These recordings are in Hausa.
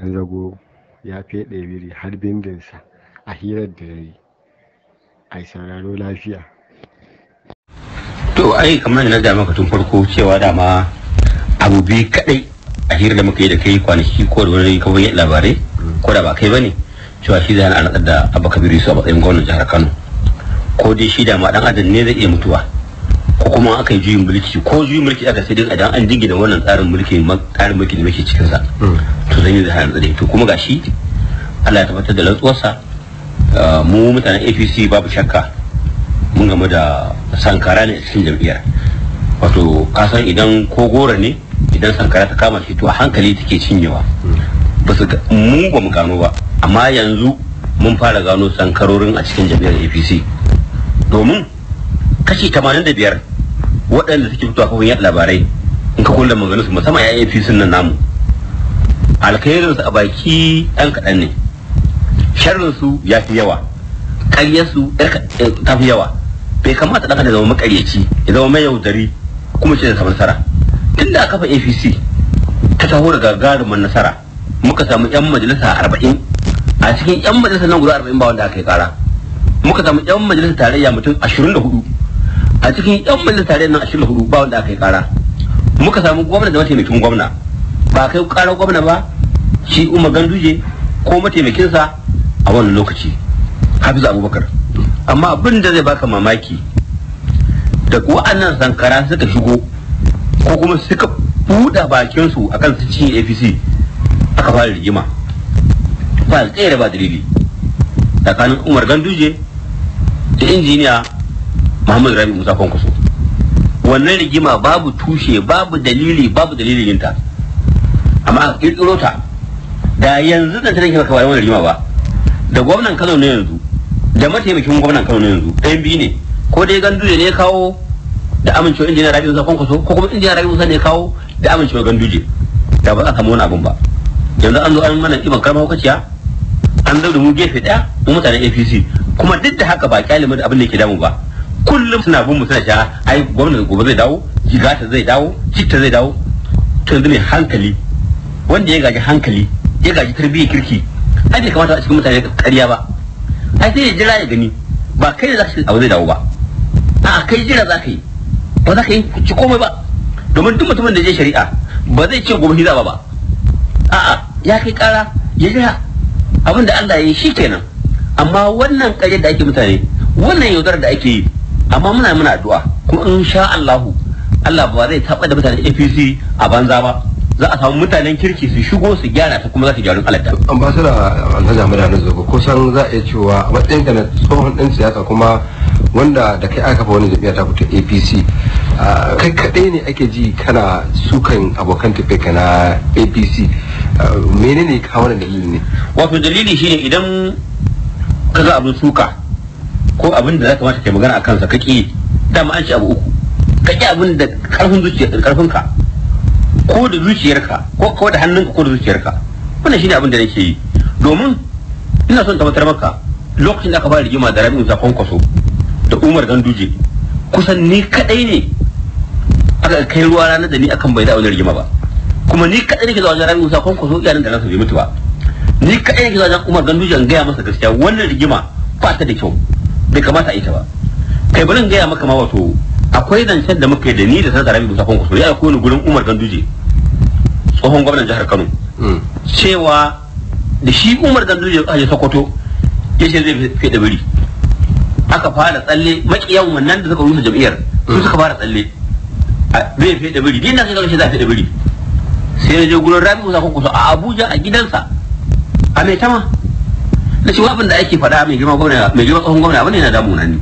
ɗan zago ya feɗe biri har bindinsa a hirar da ya yi a sauraro lafiya to ai kamar na da maka tun farko cewa dama abu biyu kadai a hirar da muka yi da kai kwanaki ko da wani kawai labarai ko da ba kai bane cewa shi zai hana da Kabiru su a matsayin gwamnan jihar kano ko dai shi da ma dan adam ne zai iya mutuwa ko kuma aka yi juyin mulki ko juyin mulki aka sai dai idan an jingina wannan tsarin mulki tsarin mulki da muke cikin sa hmm. to zan yi da hanzu dai to kuma gashi Allah ya tabbatar da rantsuwarsa uh, mu mutanen APC babu shakka mun gama da sankara ne cikin jam'iyyar wato kasan idan ko gora ne idan sankara ta kama shi to a hankali take cinyewa hmm. ba su mu ba mu gano ba amma yanzu mun fara gano sankarorin a cikin jam'iyyar APC domin kashi 85 waɗanda suke fitowa kafin yaɗa labarai in ka kulla maganin su musamman ya fi sunan namu alkhairin su a baki ɗan kaɗan ne sharrin su ya fi yawa ƙaryar su eh, ta fi yawa bai kamata ɗan kaɗan zama makaryaci ya zama mai yaudari kuma shi da samun nasara tun da kafa apc ta taho da gagarumin nasara muka samu 'yan majalisa arba'in a cikin 'yan majalisa nan guda arba'in ba wanda aka yi kara muka samu 'yan majalisa tarayya mutum ashirin da hudu a cikin yan majalisar tarayyar nan ashirin hudu ba wanda aka yi kara muka samu gwamna da mataimakin gwamna ba kai karar gwamna ba shi umma ganduje ko mataimakinsa a wannan lokaci hafizu abubakar amma abin da zai baka mamaki da wa'annan sankara suka shigo ko kuma suka buɗe bakinsu a kan sun cinye apc aka fara rigima ba tsere ba dalili tsakanin umar ganduje da injiniya Muhammadu Rabi Musa Kwankwaso wannan rigima babu tushe babu dalili babu dalilin yinta amma a kirkiro ta da yanzu da ta nake kawai wannan rigima ba da gwamnan Kano ne yanzu da mataimakin gwamnan Kano ne yanzu ɗayan biyu ne ko dai ganduje ne kawo da amincewa injiniyar Rabi Musa Kwankwaso ko kuma injiniyar Rabi Musa ne kawo da amincewa ganduje da ba za ka wani abun ba yanzu an zo an mana iban karma hukaciya an zo da mu gefe daya mu mutanen APC kuma duk da haka ba kyalimin abin da ke damu ba kullum suna bin mu suna ai gwamnati gobe zai dawo jigata zai dawo citta zai dawo to yanzu ne hankali wanda ya gaji hankali ya gaji tarbiyyar kirki ai bai kamata a cikin mutane ƙarya ba ai sai ya jira ya gani ba kai ne za ka abu zai dawo ba a'a kai jira za ka yi ba za ka yi ci komai ba domin duk mutumin da je shari'a ba zai ce gobe za ba ba a'a ya kai kara ya jira abin da Allah ya yi shi kenan amma wannan ƙarya da ake mutane wannan yaudarar da ake yi amma muna muna addu'a kuma in sha Allahu Allah ba zai taɓa da mutanen APC a banza ba za a samu mutanen kirki su shigo su gyara ta kuma za ta gyaru halatta. ambasada alhaji amir hannun zogo san za a iya cewa a matsayin ka na tsohon ɗan siyasa kuma wanda da kai aka fa wani jami'a ta fita apc kai kaɗai ne ake ji kana sukan abokan tafiya ka na apc menene ka wani dalili ne wato dalili shine idan ka ga abin suka ko abin da za ka mata kai magana a kansa ka ƙi dama an ci abu uku ka ƙi abin da ƙarfin zuciyarka ko da zuciyarka ko kawai da hannunka ko da zuciyarka wannan shine abin da nake yi domin ina son tabbatar maka lokacin da aka fara rigima da rabin zafon Kwaso da Umar Ganduje kusan ni kadai ne aka kai ruwa rana da ni akan bai da wani rigima ba kuma ni kadai ne zuwa wajen Rabi'u Kwaso iyalan da nasu bai mutu ba ni kadai nake zuwa Umar Ganduje an gaya masa gaskiya wannan rigima ba ta da kyau bai kamata a yi ta ba kai bari gaya maka ma wato akwai zancen da muka yi da ni da sanar rabi musa kwankwaso ya akwai wani gurin umar ganduje tsohon gwamnan jihar kano hmm. cewa da shi umar ganduje a sokoto ya ce zai fi da biri aka fara tsalle makiyan wannan da suka rusa jam'iyyar su hmm. suka fara tsalle zai fi da biri din na sai shi za a fi da biri sai ya je gurin rabi musa kwankwaso a abuja a gidansa a mai tama na shi abin da ake faɗa mai girma gwamna mai girma tsohon gwamna abin yana damuna ne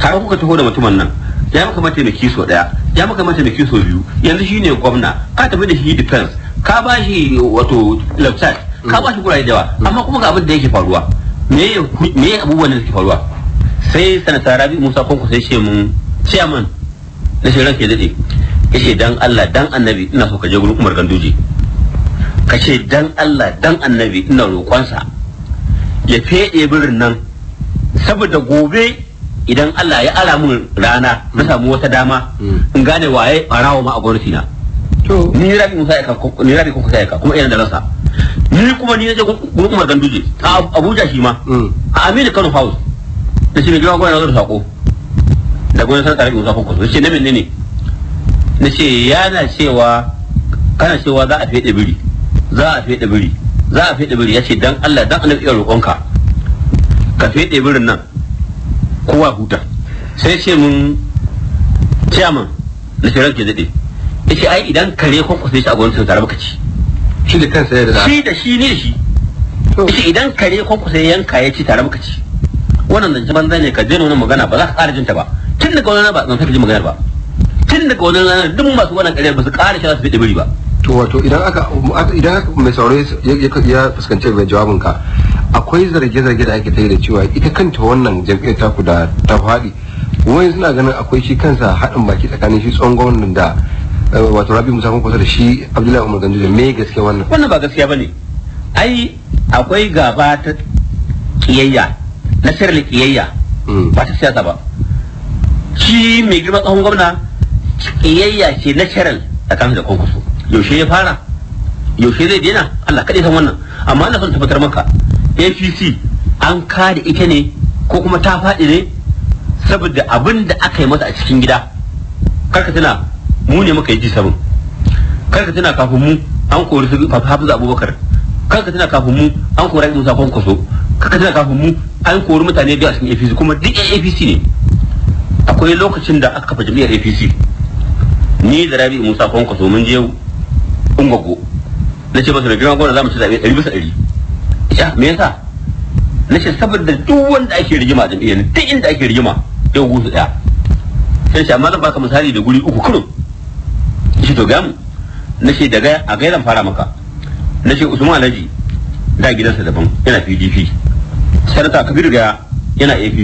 tare kuka taho da mutumin nan ya maka mai kiso daya ya maka mai kiso biyu yanzu shi ne gwamna ka tafi da shi defense ka ba shi wato laptop ka ba shi gurare da amma kuma ga abin da yake faruwa me me abubuwan da ke faruwa sai sanata rabi musa kwanku sai ce mun chairman na shi ranke daɗe yace dan Allah dan annabi ina so ka je gurin umar ganduje ka ce dan Allah dan annabi ina roƙonsa ya feɗe birin nan saboda gobe idan Allah ya ara mun rana na samu wata dama hmm. in gane waye barawa ma a gwamnati na ni rabi musa ya ni rabi kuka ya kuma yana da rasa ni kuma ni naje kuma Umar Ganduje a Abuja shi ma hmm. a Aminu Kano House da shi ne gidan gwamnati da sako da gwamnati sanar tare musa kuka shi ne min ne na ce yana cewa kana cewa za a fede biri za a fede biri za a fiɗe birnin ya ce dan Allah dan Allah iya roƙonka ka fiɗe birnin nan kowa huta sai ce mun ciyaman na shirar ke daɗe ya ce ai idan kare ko kusa shi a gwamnati sun baka ci shi da kansa ya da shi da shi ne shi ya idan kare ko kusa yanka ya ci tare bakaci ci wannan zance banza ne ka daina wani magana ba za ka ƙara jinta ba tun daga wani ba zan saka ji maganar ba tun daga wani ranar duk masu wannan ƙarya ba su ƙara shi za su fiɗe biri ba to wato idan aka idan mai saurare ya fuskanci mai jawabin ka akwai zarge-zarge da ake ta yi da cewa ita kanta wannan jam'iyyar taku da ta faɗi wani suna ganin akwai shi kansa haɗin baki tsakanin shi tsohon gwamnan da eh, wato rabi musa kuma da shi abdullahi umar ganduje me gaskiya wannan wannan ba gaskiya bane ai akwai gaba ta kiyayya na sirri kiyayya hmm. ba ta siyasa ba shi mai girma tsohon gwamna kiyayya ce na sharil tsakanin da kwankwaso yaushe ya fara yaushe zai daina Allah kaɗai san wannan amma na son tabbatar maka APC an kada ita ne ko kuma ta faɗi ne saboda abin da aka yi mata a cikin gida karka tuna mu ne muka yi ji sabon karka tuna kafin mu an kori su hafizu abubakar karka tuna kafin mu an kori musa kwankwaso karka tuna kafin mu an kori mutane biyu a cikin APC kuma duk APC ne akwai lokacin da aka kafa jami'ar APC ni da Rabi Musa Kwankwaso mun je ungogo na ce ba su mai girma gwamna za mu ci zaɓe ɗari bisa ɗari ya me yasa na ce saboda duk wanda ake rigima da ne duk inda ake rigima yau gusu ɗaya sai shi amma zan baka misali da guri uku kurun shi to gamu na ce daga a gairan fara maka na ce usman alhaji da gidansa daban yana pdp sanata kabir gaya yana app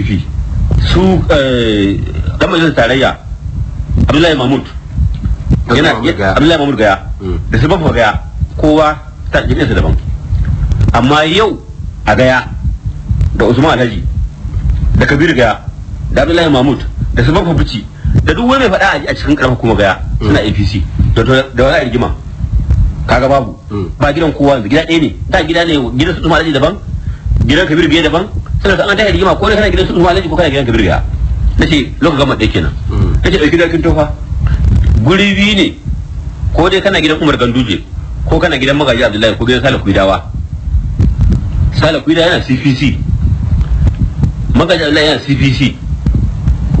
su eh, ɗan majalisar tarayya abdullahi mahmud yana abdullahi mamur gaya hmm. da sabab bafa gaya kowa ta jikinsa daban amma yau a gaya da usman alhaji da kabir gaya da abdullahi mahmud da sabab bafa bici da duk wani mai faɗa a cikin karfa kuma gaya hmm. suna apc da wani rigima kaga babu hmm. ba gidan kowa yanzu gida ɗaya ne da gida ne gidan su usman alhaji daban gidan kabir gaya daban sannan an ta rigima ko ne kana gidan su usman alhaji ko kana gidan kabir gaya nace lokacin gama ɗaya kenan nace ɗauki dakin tofa guri biyu ne ko dai kana gidan Umar Ganduje ko kana gidan Magaji Abdullahi ko gidan Sale Kuidawa Sale Kuidawa yana CPC Magaji Abdullahi yana CPC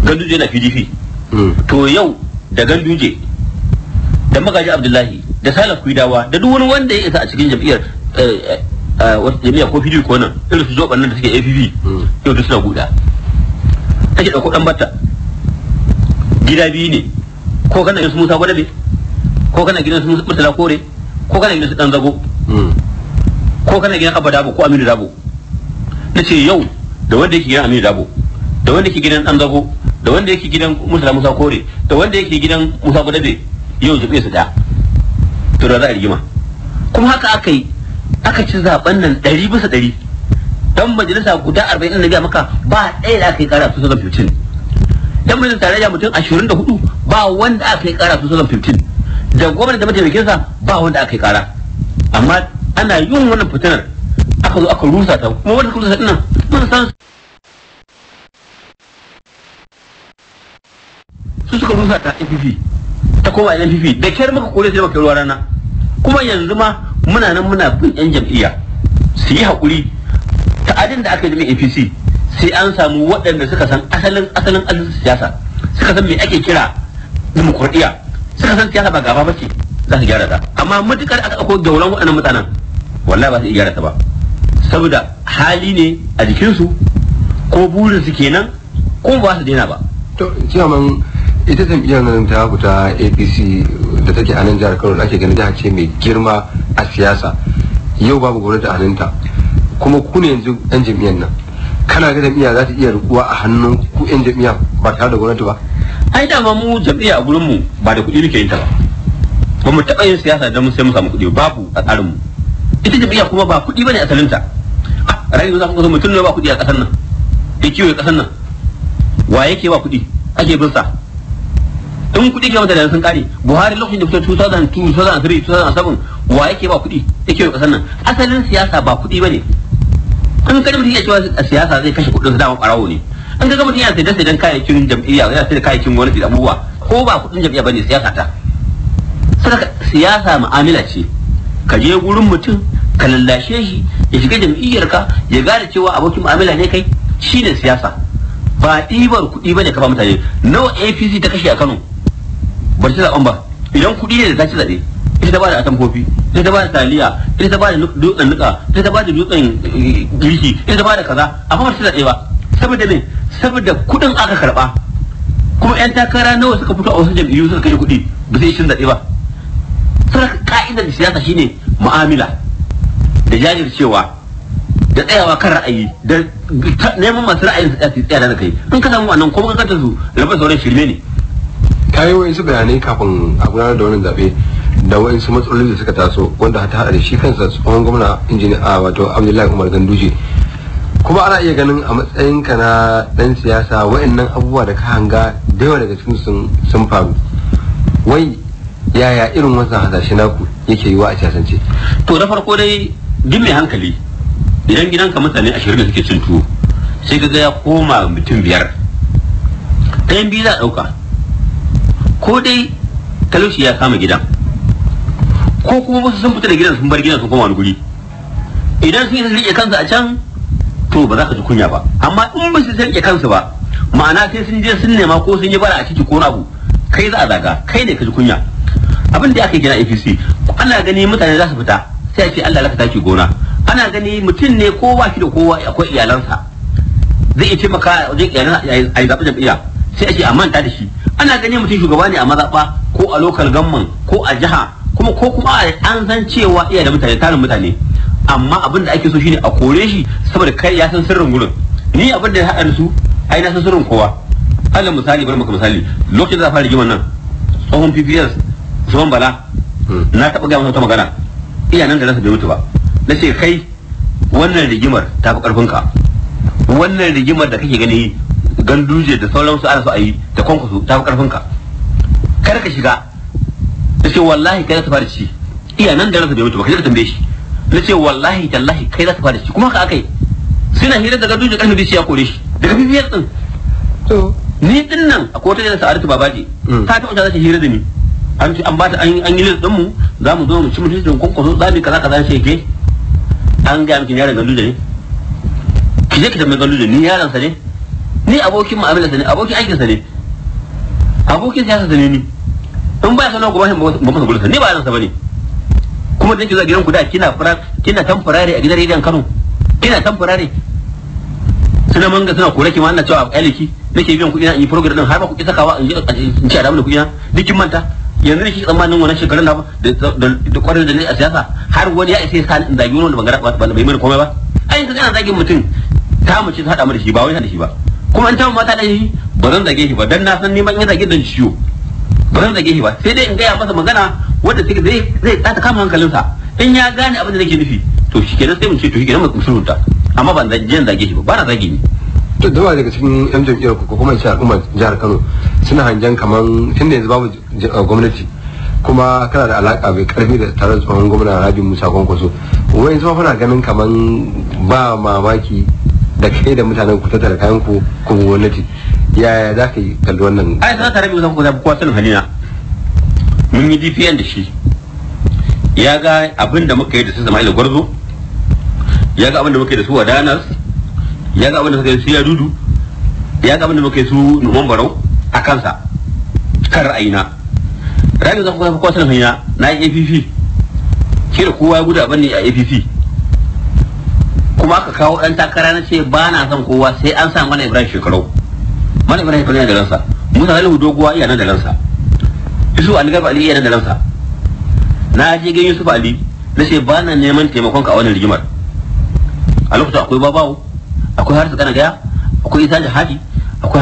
Ganduje yana PDP hmm. to yau da Ganduje da Magaji Abdullahi da Sale Kuidawa da duk wani wanda ya isa a cikin jam'iyyar eh, eh, eh, wata jami'a ko fili ko nan irin su zoban nan da suke APP hmm. yau da suna guda take ɗauko ɗan bata gida biyu ne ko kana yin su Musa Gwadabe ko kana gidan su Murtala Kore ko kana gidan su Dan Zago hmm. ko kana gidan Abba Dabo ko Aminu Dabo Na ce yau da wanda yake gidan Aminu Dabo da wanda yake gidan Dan Zago da wanda yake gidan Murtala Musa Kore da wanda yake gidan Musa Gwadabe yau zube su da to da za a rigima kuma haka aka yi aka ci zaben nan ɗari bisa ɗari dan majalisa guda arba'in da maka ba ɗaya da aka yi kara su fitin dan tare da mutum 24 ba wanda aka yi kara su sun 15 da gwamnati da mataimakinsa ba wanda aka yi kara amma ana yin wannan fitinar aka zo aka rusa ta kuma wanda kusa dinnan mun san su suka rusa ta FPP ta koma FPP da kyar muka kore sai muka ruwa rana kuma yanzu ma muna nan muna bin yan jam'iyya su yi haƙuri ta adin da aka yi da APC sai an samu waɗanda suka san asalin asalin asalin siyasa suka san me ake kira dimokuraɗiyya suka san siyasa ba gaba bace za su gyara ta amma matukar aka ɗauko gauran waɗannan mutanen wallahi ba su gyara ta ba saboda hali ne a jikinsu ko burin su kenan ko ba su daina ba to ciyaman ita jam'iyyar nan ta ta apc da take a nan jihar kano da ake ganin jiha ce mai girma a siyasa yau babu gwamnati a nan ta kuma ku ne yanzu yan jam'iyyar nan kana ga jam'iyya za ta iya rukuwa a hannun ku yan jam'iyya ba tare da gwamnati ba ai dama mu jam'iyya a gurin mu ba da kuɗi muke yin ta ba ba mu taɓa yin siyasa don sai mu samu kuɗi babu a tsarin mu ita jam'iyya kuma ba kuɗi bane asalin ta ah, rayuwa za ku ga mutum ne ba kuɗi a ƙasar nan ya kiwo ƙasar nan wa yake ba kuɗi ake bin sa in kuɗi ke da sun kare buhari lokacin da fito 2002 2003 2007 wa yake ba kuɗi yake kiwo ƙasar nan asalin siyasa ba kuɗi bane An ka mutum ya cewa a siyasa zai kashe kuɗin su dama ɓarawo ne in ka mutum ya sai da sai kayayyakin jam'iyya ya sai da kayayyakin gwamnati da abubuwa ko ba kuɗin jam'iyya bane siyasa ta saka siyasa mu'amala ce ka je gurin mutum ka lallashe shi ya shiga jam'iyyar ka ya gane cewa abokin mu'amala ne kai shine siyasa ba ɗibar kuɗi ne ka ba mutane nawa APC ta kashe a Kano ba ta zaɓen ba idan kuɗi ne da ta ci zaɓe ita ta bada atamfofi ita ta bada taliya ita ta bada dutsen nuka ita ta bada dutsen eh, girki ita ta bada kaza amma ba su zaɓe ba saboda me saboda kuɗin aka karɓa kuma yan takara nawa suka fito a wasu jam'iyyu suka kashe kuɗi ba sai shin zaɓe ba saboda ka'idar siyasa shine mu'amala da jajircewa da tsayawa kan ra'ayi da neman masu ra'ayin su tsaya da kai in ka samu wannan kuma ka kanta su rabar sauran shirme ne kayi wa'insu bayanai kafin a gudanar da wannan zaɓe da wasu matsaloli da suka taso wanda ta hada da shi kansa tsohon gwamna injiniya a wato abdullahi umar ganduje kuma ana iya ganin a matsayinka na dan siyasa wa'annan abubuwa da ka hanga da yawa daga cikin sun faru wai yaya irin wannan hasashe naku yake yiwa a siyasance to da farko dai duk mai hankali idan gidanka mutane ashirin da suke cin tuwo sai ka ga ya koma mutum biyar ta yin biyu za a ɗauka ko dai talauci ya kama gidan ko kuma wasu sun fita da gidan sun bar gidan sun koma wani guri idan sun yi rike kansu a can to ba za ka ji kunya ba amma in ba su rike kansu ba ma'ana sai sun je sun nema ko sun yi bara a ciki ko abu kai za a zaga kai ne ka ji kunya abin da aka yi gina APC ana gani mutane za su fita sai a ce Allah laka taki gona ana gani mutum ne ko ba shi da kowa akwai iyalansa zai iya taimaka wajen iyalan a yi zaɓi jam'iyya sai a ce a manta da shi ana gani mutum shugaba ne a mazaɓa ko a lokal gamman ko a jiha kuma ko kuma an san cewa iya da mutane tarin mutane amma abin da ake so shine a kore shi saboda kai ya san sirrin gurin ni abin da ya haɗa su ai na san sirrin kowa alal misali bari maka misali lokacin da za fara giman nan tsohon pps tsohon bala hmm. na taɓa gaya masa wata magana iya nan da nasa bai mutu ba na ce kai wannan rigimar ta fi ƙarfinka wannan rigimar da kake gani ganduje da sauransu ana so a yi da kwankwaso ta fi ƙarfinka kar ka shiga nace wallahi kai za ta fara ci iya nan da ransa bai mutu ba kaje ka tambaye shi nace wallahi tallahi kai za ta fara ci kuma haka akai suna hira daga duniya kan bishi ya kore shi daga bibiyar din to ni din nan akwai wata da sa'adatu babaji mm. ta ta wata za ta hira da ni an ci an ba ta an yi list mu za mu zo mu ci mutunci don kwankwaso za mu kaza kaza sai an ga miki yaran galu da ne ki je ki tambaye galu ni yaran sa ne ni abokin sa ne abokin aikin sa ne abokin siyasa sa ne ni in ba sanar ku ba ba masa gurin ne ba zan sa ne kuma da zuwa gidan da kina fara kina tamfurare a gidan rediyon Kano kina tamfurare suna manga suna kore ki ma ana cewa aliki nake biyan kuɗi na in yi program din har ba ku isa kawa in ci a damu da kuɗi na dukkin manta yanzu ne ke tsammanin wannan shekarun da da kwarar da ne a siyasa har wani ya isa sani in zagi wani wanda ba bai mana komai ba ai ka kana zagin mutum ta mace ta hada mu da shi ba wai da shi ba kuma an ta mata da shi ba zan zage shi ba dan na san neman in zage dan ciwo ba zan zage shi ba sai dai in gaya masa magana wanda take zai zai tsata kama hankalinsa in ya gane abin da nake nufi to shi kenan sai mu ce to shi kenan mu sulhunta amma ban zan zage shi ba ba na zage ni to da daga cikin yan jam'iyyar ku kuma in ce jihar Kano suna hangen kaman tunda yanzu babu gwamnati kuma kana da alaka mai karfi da tare da tsohon gwamna Rabi Musa Kwankwaso wai zuwa fara ganin kaman ba mamaki da kai da mutanen ku tattara kayan ku ku gwamnati yaya za ka yi kalli wannan ai za ta rabe zan kusa kowa sanin halina mun yi dpn da shi ya ga abin da muka yi da su ila gwarzo ya ga abin da muka yi da su wadanas ya ga abin da muka yi su ya dudu ya ga abin da muka yi su numan barau a kansa kan ra'ayina ra'ayin zan kusa kowa sanin halina na yi app ke da kowa ya gudu abin ne a app kuma aka kawo ɗan takara na ce ba na son kowa sai an sa mana ibrahim shekarau mana ibrahim fara da ransa musa salihu doguwa iya nan da ransa yusuf ali garba ali iya nan da ransa na je gan yusuf ali na ce ba na neman taimakon ka a wannan rigimar a lokacin akwai babawo akwai harsu kana gaya akwai isa jihadi akwai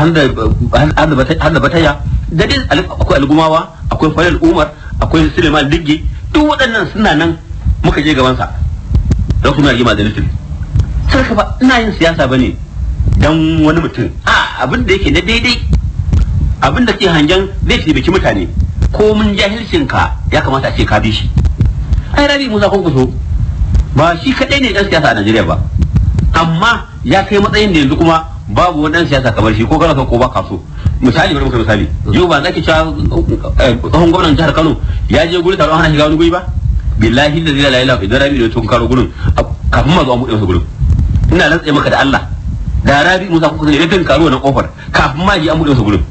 handa bataya da dai akwai algumawa akwai falal umar akwai suleiman digge duk waɗannan suna nan muka je gabansa don suna rigima da nufin sarka ba ina yin siyasa ba ne dan wani mutum a abin da yake na daidai abin da ke hangen zai biki mutane ko mun jahilcin ka ya kamata a ce ka bi shi ai rabi musa kuso ba shi kadai ne dan siyasa a najeriya ba amma ya kai matsayin da yanzu kuma babu wani dan siyasa kamar shi ko kana ko ba so misali bari muka misali yau ba zaki cewa eh, tsohon gwamnan jihar Kano ya je guri taron hana shiga wani guri ba billahi da zai la ilaha idan rabi da tun karo gurin kafin ma zo mu dinsa gurin ina rantsa maka da Allah Da rabi musa kuka ne kan karuwa na kofar kafin ma ji an buɗe masa gurin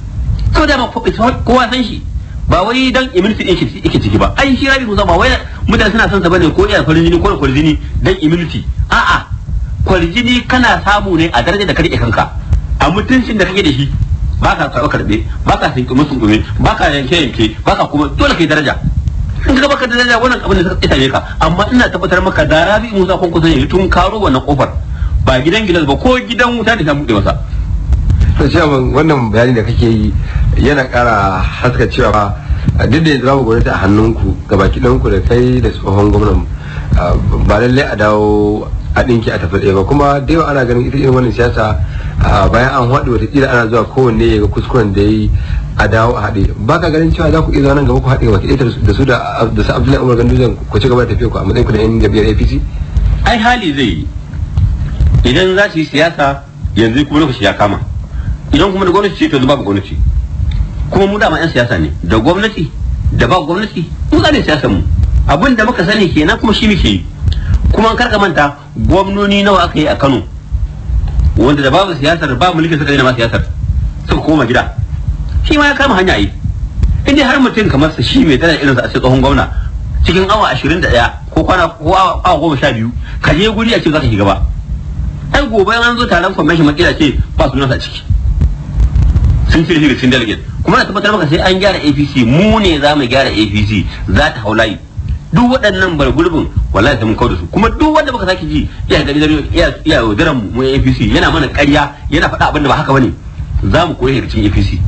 to da ma kowa san shi ba wai dan immunity ɗin shi yake ciki ba ai shi rabi musa ba wai mutane suna son sa bane ko iya farin jini ko farin jini dan immunity a'a kwarjini kana samu ne a darajar da kake kanka a mutuncin da kake da shi ba ka karɓe karɓe ba ka musu sinkume ba ka yanke yanke ba ka kuma dole kai daraja in ka baka daraja wannan abin da ka tsaya ka amma ina tabbatar maka da rabi musa kun kusa ne tun karo wannan kofar ba gidan gilas ba ko gidan wuta da ta buɗe masa to shaman wannan bayani da kake yi yana ƙara haska cewa ba a duk da yanzu babu gwamnati a hannunku ga baki ɗanku da kai da tsohon gwamnan ba lallai a dawo a ɗinki a tafi ɗaya ba kuma da yawa ana ganin ita irin wannan siyasa bayan an haɗu watakila ana zuwa kowanne ya ga kuskuren da ya yi a dawo a haɗe ba ka ganin cewa za ku iya nan gaba ku haɗe wata ita da su da su abdullahi umar ganduzan ku ci gaba da tafiya ku a matsayin ku da yan jam'iyyar apc ai hali zai yi idan za su yi siyasa yanzu kuma lokaci ya kama idan kuma da gwamnati ce to yanzu babu gwamnati kuma mu dama 'yan siyasa ne da gwamnati da ba gwamnati mu zane siyasa mu abin da muka sani kenan kuma shi muke yi kuma an karka manta gwamnoni nawa aka yi a Kano wanda da babu siyasar ba mulkin suka daina ma siyasar suka koma gida shi ma ya kama hanya yi inda har mutum kamar sa shi mai irin irinsa a ce tsohon gwamna cikin awa ashirin da ɗaya ko kwana ko awa goma sha biyu ka je guri a ce za ka shiga ba ai gobe an zo taron kwamishin makila ce ba sunan sa ciki sun cire shi da sun delegate kuma na tabbatar maka sai an gyara APC mu ne za mu gyara APC za ta haulayi duk waɗannan bar gurbin wallahi ta mun kawo da su kuma duk wanda muka sake ji iya gari gari iya yaudaran mu APC yana mana ƙarya yana faɗa abin da ba haka bane za mu koyi rikicin APC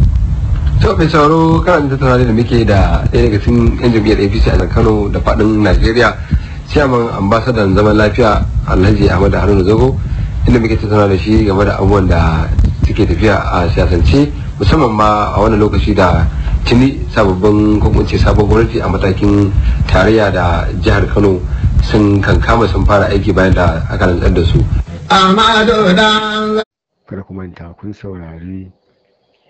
to mai sauro kan da tunani da muke da ɗaya daga cikin yan jam'iyyar APC a Kano da faɗin Najeriya ciyaman ambasadan zaman lafiya Alhaji Ahmad Haruna Zago inda muke tattauna da shi game da abubuwan da suke tafiya a siyasance musamman ma a wannan lokaci da tuni sababbin hukunci sabon gwamnati a matakin tarayya da jihar kano sun kankama sun fara aiki bayan da aka rantsar da su ku manta kun saurari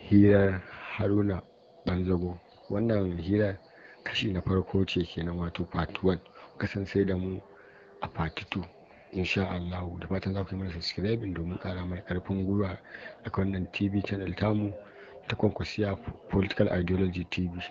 hirar haruna banzago wannan hirar kashi na farko ce kenan wato part 1 kasan sai da mu a part 2 insha Allah da fatan za ku yi mana subscribing domin kara mai karfin gwiwa a wannan TV channel tamu ta kwankwasiya political ideology TV